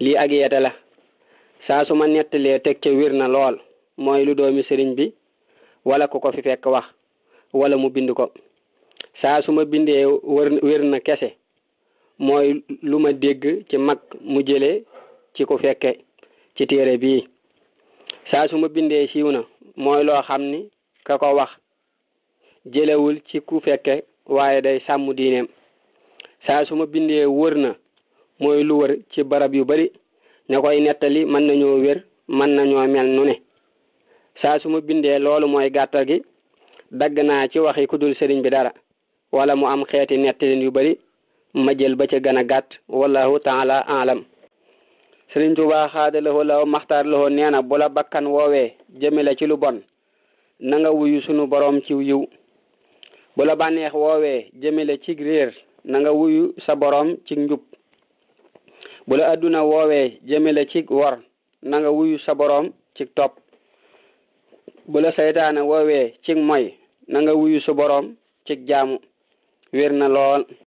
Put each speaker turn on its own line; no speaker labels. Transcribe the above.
lii ak yeete la saa su ma nettalee teg ca wir na lool mooy lu doomi sëriñ bi walla ku ko fi fekk wax walla mu bind ko saa su ma bindee wër wér na kese mooy lu ma dégg ci mag mu jële ci ku fekke ci téere bi saa su ma bindee siiw na mooy loo xam ni ka ko wax jëlewul ci ku fekke waaye day sàmm diineem saa su ma bindee wër na mooy lu wër ci barab yu bari ña koy nettali mën nañoo wér mën nañoo mel nu ne saa su ma bindee loolu mooy gàttal gi dagg naa ci waxi ku dul sëriñ bi dara wala mu am xeeti nettalin yu bari ma ba ca gën a gàtt wallahu taala alam sëriñ Tuubaa xaadalawoo law maxtaar nee na bu la bakkan woowee jëme la ci lu bon na nga wuyu sunu boroom ci yiw bu bànneex woowee jëme la ci réer na wuyu sa boroom ci njub bu la adduna woowee jëmale ci wor na nga wuyu sa boroom ci topp bu la saytaane woowee ci moy na nga wuyu sa boroom ci jaamu wér na lool